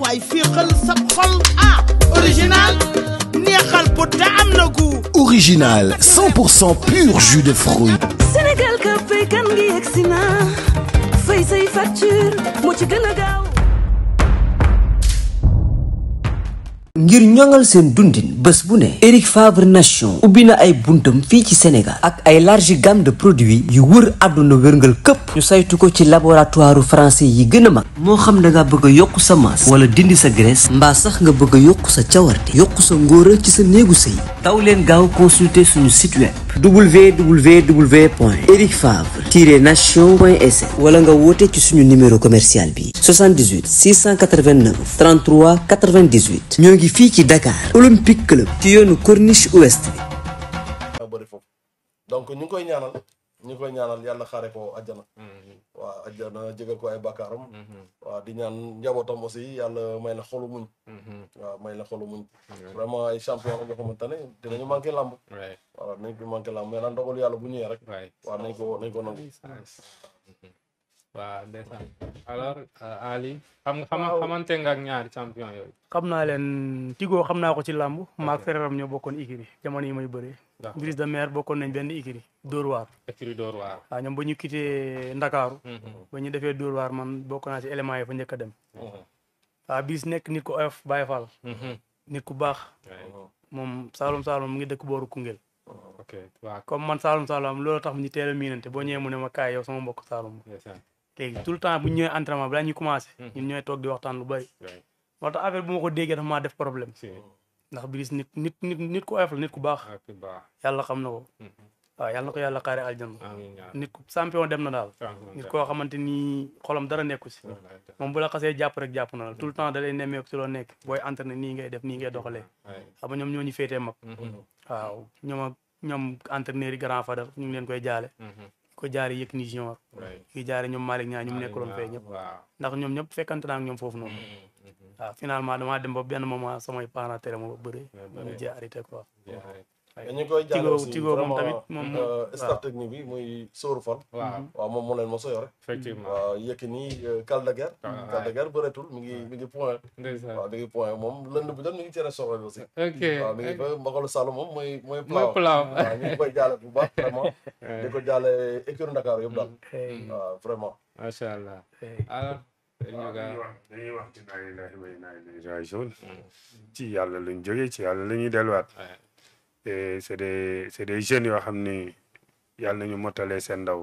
waay fii xal ah, original neexal bu te am na original pur jus de fruits Sénégal ka fay kan gi yegsi fay say facture ngir ñoŋal seen dundin bés bu ne Eric Favre Nation ubbi na ay buntam fii ci Sénégal ak ay large gamme de produits yu wër àdduna wërngal këpp ñu saytu ko ci laboratoire français yi gën a mag moo xam da nga bëgg yokk sa masse wala dindi sa graisse mbaa sax nga bëgg a yokk sa cawarte yokk sa ngóora ci sa néegu sëy daw leen gaaw consulter suñu site www point Eric Favre tiret nation point sn wala nga woote ci suñu numéro commercial bi 78 689 33 98 ñoo ngi fii ci Dakar Olympique Club ci yoonu Corniche Ouest bi donc ñu ngi koy ñaanal ñu koy ñaanal yàlla xaare ko ajjana mm-hmm. waaw ajjana jégal ko ay bàkkaaram mm-hmm. waaw di ñaan njabootam aussi yàlla may na xolu muñ mm-hmm. may na xolu muñ vraiment ay champion yoo xamante dina dinañu manqué làmb waaw nañ ko manqué làmb mais nag ndogalu yàlla bu ñëwee rek waaw ko nañ ko nangu waaw ndeysaan alors euh, Ali. xam nga xam xamante nga ak ñaari champion yooyu. xam naa leen Tigo xam naa ko ci làmb. maak frère am ñoo bokkoon Ikiri jamono yi may bëree. Brise de maire bokkoon nañ benn Ikiri Dóor waar. Ikiri Dóor waar. waaw ñoom ba ñu quitté Ndakaaru. Mhm. ba ñu defee door waar man bokk naa ci éléments yi fa njëkk dem. Mhm. waaw bis nekk nit ko oyof Baye Fall. Mhm. nit ku baax. moom Saalum Saalum mu ngi dëkk booru Koungheul. Oh, ok waaw comme man Saalum Saalum loolu tax ñu teel a miinante boo ñëwee mu ne ma kaay sama mbokk Saalum. léegi tout le temps bu ñu ñëwee entraînement balaa ñuy commencé. Mhm. ñun ñooy toog di waxtaan lu bëri. moo tax affaire bu ma ko déggee dafa maa def problème. ndax Brise nit nit nit nit ku oyof la nit ku baax. Ah, yàlla xam na ko. Mhm. waaw yàlla na ko yàlla xaaree aljanna. nit ku champion dem na daal. nit koo xamante nii xolam dara nekku si. moom bu la xasee jàpp rek jàpp na la tout le mhm. temps da lay nemmeeku si loo nekk booy entraîné nii ngay def nii ngay doxalee. xam nga ñoom ñoo ñu féetee mag. waaw ñoom ñoom entraîneur yi grand fadal ñu ngi leen koy jaale. ko jaare Yékini Junior ki jaare ñoom Malick Niang ñu mu nekkaloon fee ñëpp ndax ñoom ñëpp fekkante naa ak ñoom foofu noonu mm-hmm, mm-hmm. waaw dem ba benn moment samay parents tere ma ba bëre ñu jee arrêté quoi ñu koy jàllale aussi vraiment euh, staff technique bi muy sóoru fan. waaw mhm. waaw moom moo leen mos a yore. effectivement waaw Yékini Kal euh, de Guerre. waaw Kal de Guerre bëreetul mi ngi mi ngi point. waaw mi ngi point moom lënd bi doon mi ngi cere sorol aussi. ok waaw mi ngi fa mbaxalu Saloum moom mooy. mooy plaw waaw ñu ngi koy jàllale bu baax vraiment. di ko jàllale écurie Dakar yëpp daal. Mm. waaw vraiment. macha allah alors. waaw dañuy wax dañuy wax ci inna lillahi wa inna ilayhi rajiun mm. ci yàlla lañ jógee ci yàlla la ñuy delluwaat. et c' est des c' est des jeunes yoo xam ni yàlla nañu mottalee seen ndaw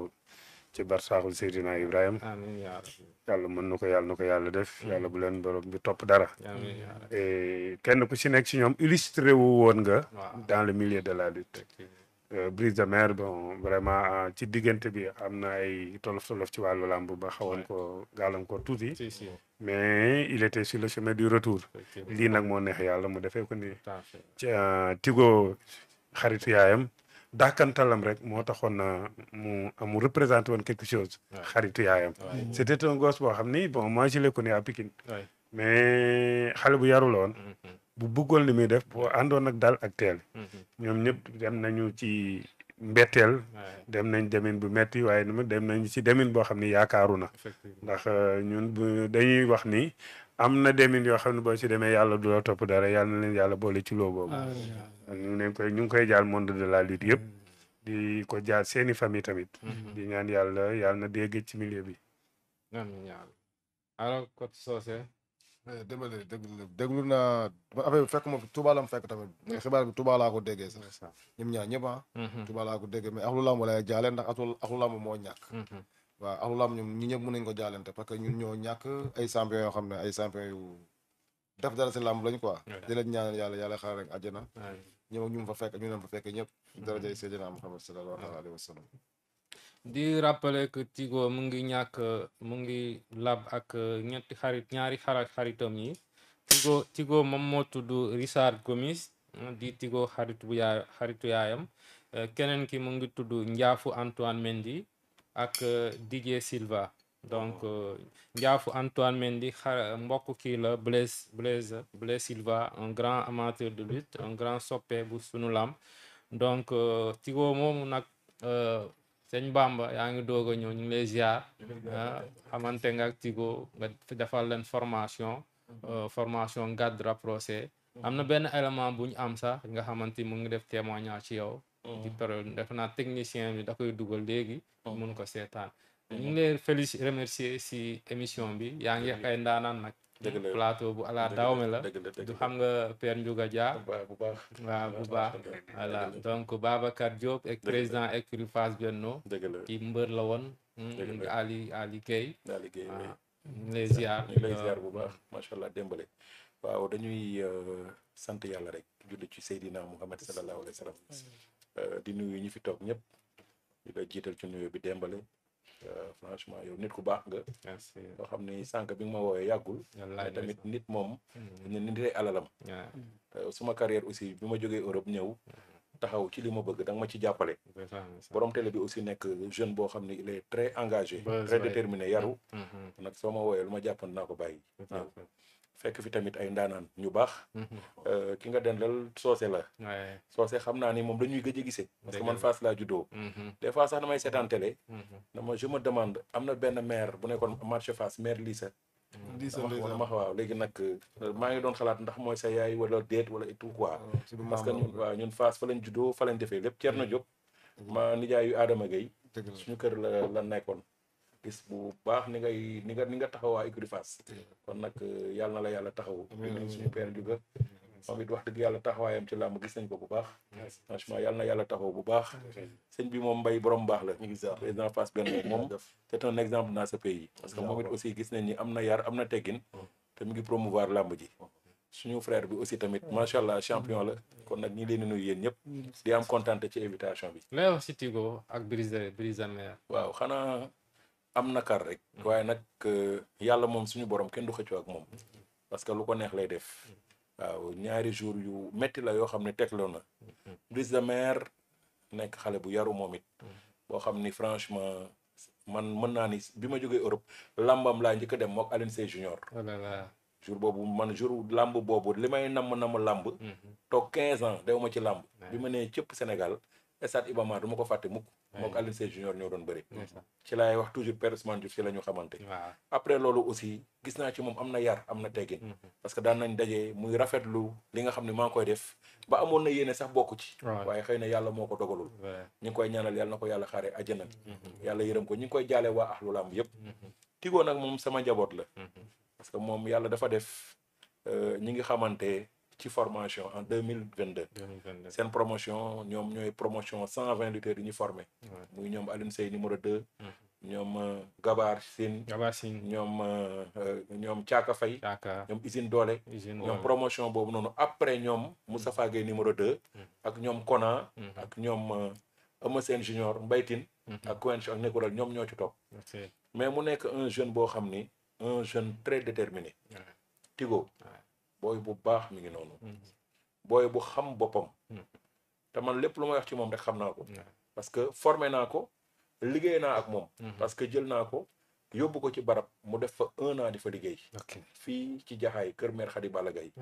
ci barsaaxul Seydina Ibrahima. amiin yàlla mën na ko yàlla na ko yàlla def. yàlla bu leen borom bu topp dara. amiin eh, kenn ku si nekk si ñoom illustré wu woon nga. dans le milieu de la lutte. Euh, Brise de Mer bon vraiment euh, ci diggante bi am na ay tolof tolof ci wàllu làmb ba xawoon ko gàllankoor tuuti. mais il était sur le chemin du retour. lii nag moo neex yàlla mu defee ko ni. Euh, Tigo xaritu yaayam dàkkantalam rek moo taxoon na mu mu représenté woon quelque chose. xaritu yaayam. Mm-hmm. c' était un gosse boo xam ni bon moi je l'ai connu à Pikine mais xale bu yaru la bu bëggoon li muy def bu àndoon ak dal ak teel mhm. ñoom ñëpp dem nañu ci mbetteel dem nañ demin bu metti waaye nu dem nañ ci demin boo xam ni yaakaaru na ndax euh, ñun dañuy wax ni am na demin yoo xam ne boo ci demee yàlla du la topp dara yàlla na leen yàlla boole ci loo boobu ñu ngi koy ñu ngi koy jaal monde de la lutte yëpp di ko jaal seeni famille tamit mhm. di ñaan yàlla yàlla na dégg ci milieu bi Eh, déglu déglu na affaire bi fekk ma Touba la mu fekk tamit. mais mm. xibaar bi Touba laa ko déggee sax. ñoom ñaar ñëpp ah. Mm-hmm. Touba laa ko déggee mais axlu lamb lay jaale ndax axlu lamb moo ñàkk. Mm-hmm. waaw axlu lamb ñoom ñi ñëpp mën nañu ko jaalante parce que ñun ñoo ñàkk ay champion xam ne ay champion yu def dara si lamb lañ quoi. di leen yàlla yàlla xaar rek àjjana. ñoom ñu fa fekk ñu leen fa fekk ñëpp. Mm-hmm. daraja Seydina Muhammad sallallahu alayhi wa di rappeler que Tigo mu ngi ñàkk mu ngi lab ak ñetti xarit ñaari xarit xaritam yi Tigo Tigo moom tuddu tudd Richard Gomis di Tigo xarit bu eh, keneen ki mu ngi tudd Njaafu Antoine Mendy ak eh, DJ Silva donc oh. eh, Njaafu Antoine Mendy xar mbokk kii la Blaise Blaise Blaise Silva un grand amateur de lutte un grand soppe bu sunu lam donc Tigo moomu nag. sëñ Bamba yaa ngi doog a ñëw ñu ngi lay ziar ah, xamante nga ak Tigo defal leen formation mhm. euh, formation garde mhm. am na benn élément bu ñu am sax nga xamante mu ngi def témoignage ci yow mhm. di période def naa technicien bi da koy dugal léegi mun ko seetaan ñu ngi lay féliciter si émission bi yaa ngi ay ndaanaan nag plateau bu ala dawme la du xam nga Père Ndiouga Dia bu baax waaw bu baax voilà donc Babacar Diop ak président écurie Fass Benno ci mbër la woon hmm, Ali Ali Gueye waaw ñu lay lay ziar bu baax macha allah dembale waaw dañuy euh, sant yàlla rek julli ci Seydina Muhammad sallallahu alayhi wa euh, di nuyu ñi fi toog ñëpp di jiital ci nuyu bi dembale Euh, franchement yow nit ku baax nga. merci loo xam ne sànq bi nga ma woowee yàggul. wallaay tamit nit moom. ñu mm-hmm. nit ay alalam. suma carrière aussi bi ma jógee Europe ñëw. Mm-hmm. taxaw ci li ma bëgg da nga ma ci jàppale. borom télé bi aussi nekk jeune boo xam ne il est très engagé. très déterminé yaru. Mm-hmm. nag soo ma wooyee lu ma jàppoon naa ko bàyyi. fekk fi tamit ay ndaanaan ñu baax. Mhm. Euh, ki nga dendal soose la. soose xam naa ni moom dañuy gëj a gisee. parce que man faas laa juddoo. Mhm. des fois sax damay seetaan télé. dama mhm. je me demande am na benn maire bu nekkoon marché Fass maire Lissa. Lissa wax waaw léegi nag euh, maa ngi doon xalaat ndax mooy sa yaay wala déet wala et tout quoi. Oh, parce que ñun waaw ñun Fass fa lañ juddoo fa lañ defee lépp Thierno mm. Diop. ma nijaayu Adama Gueye. suñu kër la la nekkoon. gis bu baax ni nga ni nga kon nag eh, yàlla na la yàlla taxawu di nuyu suñu père juga moom it wax dëgg yàlla taxawaayam ci làmb gis nañ ko bu baax franchement yàlla na yàlla taxaw bu baax sëñ bi moom mbay borom baax la président Fass Benno moom c'est un exemple dans ce pays parce gis nañ ni am na yar am na teggin oh. te mu ngi promouvoir làmb ji oh. suñu frère bi aussi tamit oh. macha champion la kon nag ñi leen di di am kontaan ci invitation bi. lay wax si Tigo ak Brise Brise am na nakar rek mm-hmm. waaye nag euh, yàlla moom suñu borom kenn du xëccoo ak moom parce que lu ko neex lay def mm-hmm. waaw ñaari jour yu metti la yoo xam ne tegloo na mm-hmm. brise de mer nekk xale bu yaru moom boo xam ni franchement man mën naa ni bi ma jógee Europe lambam laa njëkk a dem mook Alioune Sèye junior oh jour boobu man jour làmb boobu li may namm namm làmb toog quinze ans dew ma ci làmb bi ma nee cëpp Sénégal stade Iba Mar du ma ko fàtte mukk moog Alioune Sèye junior ñoo doon bëri ci laay wax toujours père Ousmane Diouf ci la ñu xamante après loolu aussi gis naa ci moom am na yar am na teggin mhm. parce que daan nañ dajee muy rafetlu li nga xam ne maa ngi koy def ba amoon na yéene sax bokk ci waaye xëy na yàlla moo ko dogalul ñu ngi koy ñaanal yàlla na ko yàlla xaare àjjana mhm. yàlla yërëm ko ñu ngi koy jaale waa ahlu lamb yëpp mhm. Tigo nag moom sama njaboot la parce que moom yàlla dafa def euh, ñi ngi xamante ci formation en deux mille vingt deux seen promotion ñoom ñooy promotion cent vingt lutteurs yi ñu formé muy ñoom Alioune Seye numéro deux mm-hmm. ñoom euh, Gabar sin Gabar Sine ñoom euh, euh, ñoom Thiaka Faye ñoom Usine Doole ñoom promotion boobu noonu après ñoom musa Gueye numéro deux mm-hmm. ak ñoom Kona mm-hmm. ak ñoom Eumeu seen Junior mbaytin Tine ak Quench ak Nekoural ñoom ñoo ci topp mais mu nekk un jeune boo xam ni un jeune très déterminé Tigo booy bu baax mi ngi noonu. Mm-hmm. booy bu xam boppam. Mm-hmm. te man lép lu may wax ci moom rek xam naa ko. parce que formé naa ko liggéey naa ak moom. Mm-hmm. parce que jël naa ko yóbbu ko ci barab mu def fa un an di fa liggéey. fii ci jaxaay kër mère Khady a Gaye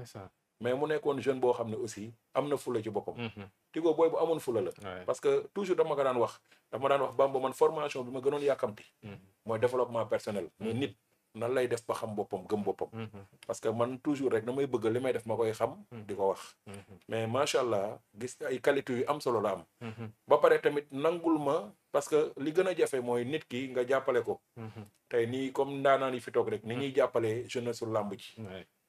mais mu nekkoon jeune boo xam ne aussi am na fula ci boppam. Tigo booy bu amoon fula la. parce que toujours dama ko daan wax dama daan wax Bamba man formation bi ma gënoon yàkkamti. mooy développement personnel. nit nan lay def ba xam boppam gëm boppam. Mm-hmm. parce que man toujours rek may bëgg li may def ma koy xam. Mm-hmm. di ko wax. Mm-hmm. mais macha allah gis ay qualité yu am solo la am. ba pare tamit nangul ma parce que li gën a jafe mooy nit ki nga jàppale ko. te nii comme ndaanaan yi fi toog rek ni ñuy jàppale jeunesse su la ji.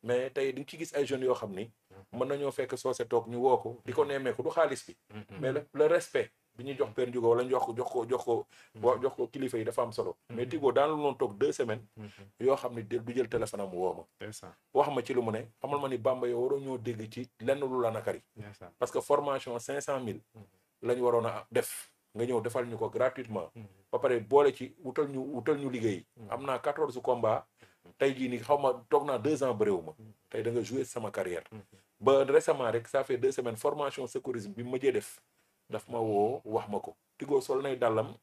mais tey di ci gis ay jeunes yoo xam ni. mën nañoo fekk soose toog ñu woo ko di ko nemmeeku du xaalis bi. mais le respect. bi ñuy jox père Ndiouga wala ñu jox ko jox ko jox ko mhm. jox ko kilifa yi dafa am solo mhm. mais Tigo daana lu noon toog deux semaines mhm. yoo xam ne du jël téléphone am woo ma wax ma ci lu mu ne xamal ma ni Bamba yow waroo ñoo dégg ci lenn lu la nakari parce que formation cinq cent mille lañu waroon a def nga ñëw defal ñu ko gratuitement ba pare boole ci wutal ñu wutal ñu liggéey am naa quatorze combats tey jii nii xaw ma toog naa deux ans bëréewu ma tey da nga joué sama carrière ba récemment rek sa fait deux semaines formation secourisme bi ma jee def daf ma woo wax ma ko Tigo sol nay dàllam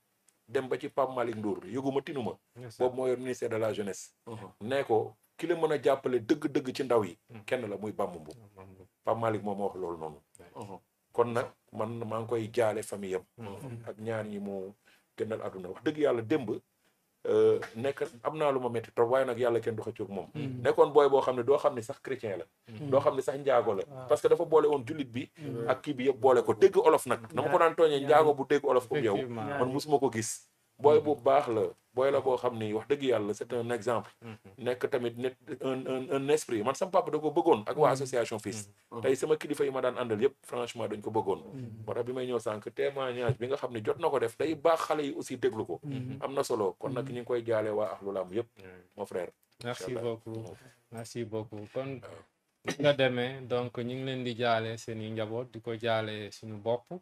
dem ba ci Pape Malick Ndour yëguma tinuma boobu moo yor de la jeunesse uh-huh. nee ko ki mën a jàppale dëgg-dëgg ci ndaw yi hmm. kenn la muy Bamba Mbuub Pape Malick moo a wax loolu noonu uh-huh. kon nag man maa ngi koy jaale famille am uh-huh. ak ñaar ñi mu gënal àdduna wax dëgg yàlla démb Euh, nekk am naa lu ma métti trop waaye nag yàlla kenn du xëccoog moom mm. Mm. nekkoon booy boo xam ne doo xam ne sax chrétien la mm. doo xam ne sax njaago la parce que dafa boole woon jullit bi ak kii bi yëpp boole ko dégg olof nag na ma ko daan tooñee njaago bu dégg olof ko yow man musuma ko gis booy bu baax la booy la boo xam ni wax dëgg yàlla c'est un exemple mm-hmm. nekk tamit ne un un un esprit man sama papa da ko bëggoon ak waa mm-hmm. association FILS mm-hmm. tey sama kilifa yi ma daan àndal yëpp franchement dañ ko bëggoon moo tax bi may ñëw sànq témoignage bi nga xam ne jot na ko def day baax xale yi aussi déglu ko am na solo kon nag ñu ngi koy jaale waa Ahlou Lamb yëpp mon frère merci beaucoup merci beaucoup kon ah. nga demee donc ñu ngi leen di jaale seen i njaboot di ko jaale suñu bopp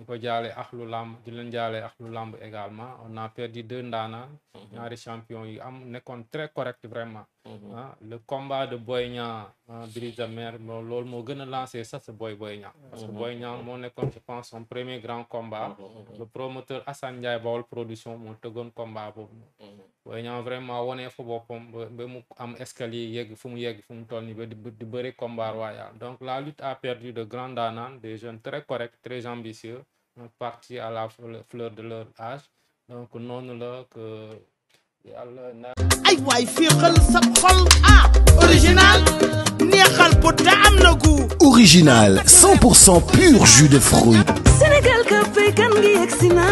ñu ko jaalee ak lu làmb di leen jaalee ak lu làmb également on a perdu deux ndaanaan mhm. ñaari champion yi am nekkoon très correct vraiment Mm-hmm. ah le combat de Boy Niang ah, Brise Mer loolu moo gën a lancé sax sa Boy Boy Niang parce que mm-hmm. Boy Niang moo nekkoon je pense son premier grand combat mm-hmm. le promoteur Assane Ndiaye Bawol production moo tëggoon combat boobu Boy Niang vraiment wonee fa boppam ba mu am escalier yegg fu mu yegg fu mu tol nii ba di bëri combat royal donc la lutte a perdu de grands daanaan des jeunes très corrects très ambitieux partis à la fleur de leur âge donc noonu la ay waay féexal sa xol ah original neexal bu te am na gu original 100% pur jus de fruits Sénégal ka fay kan gi yegsi na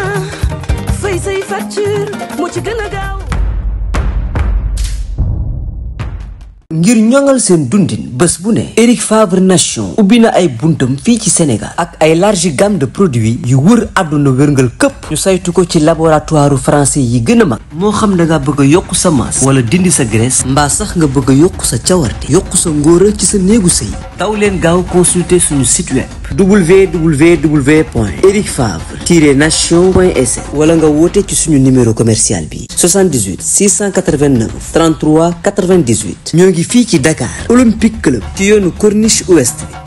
fay say facture moo ci gën a gaaw ngir ñoŋal seen dundin bés bu ne Eric Favre Nation ubbi na ay buntam fii ci Sénégal ak ay large gamme de produits yu wër àdduna wërngal këpp ñu saytu ko ci laboratoire français yi gën a mag moo xam da nga bëgg a yokk sa masse wala dindi sa graisse mbaa sax nga bëgg a yokk sa cawarte yokk sa ngóora ci sa néegu sëy taw leen gaaw consulter suñu site web www.ericfavre-nation.sn e wala nga woote ci suñu numéro commercial bi 78 689 33 98 ngi fii ci Dakar Olympique Club ci yoonu Corniche Ouest bi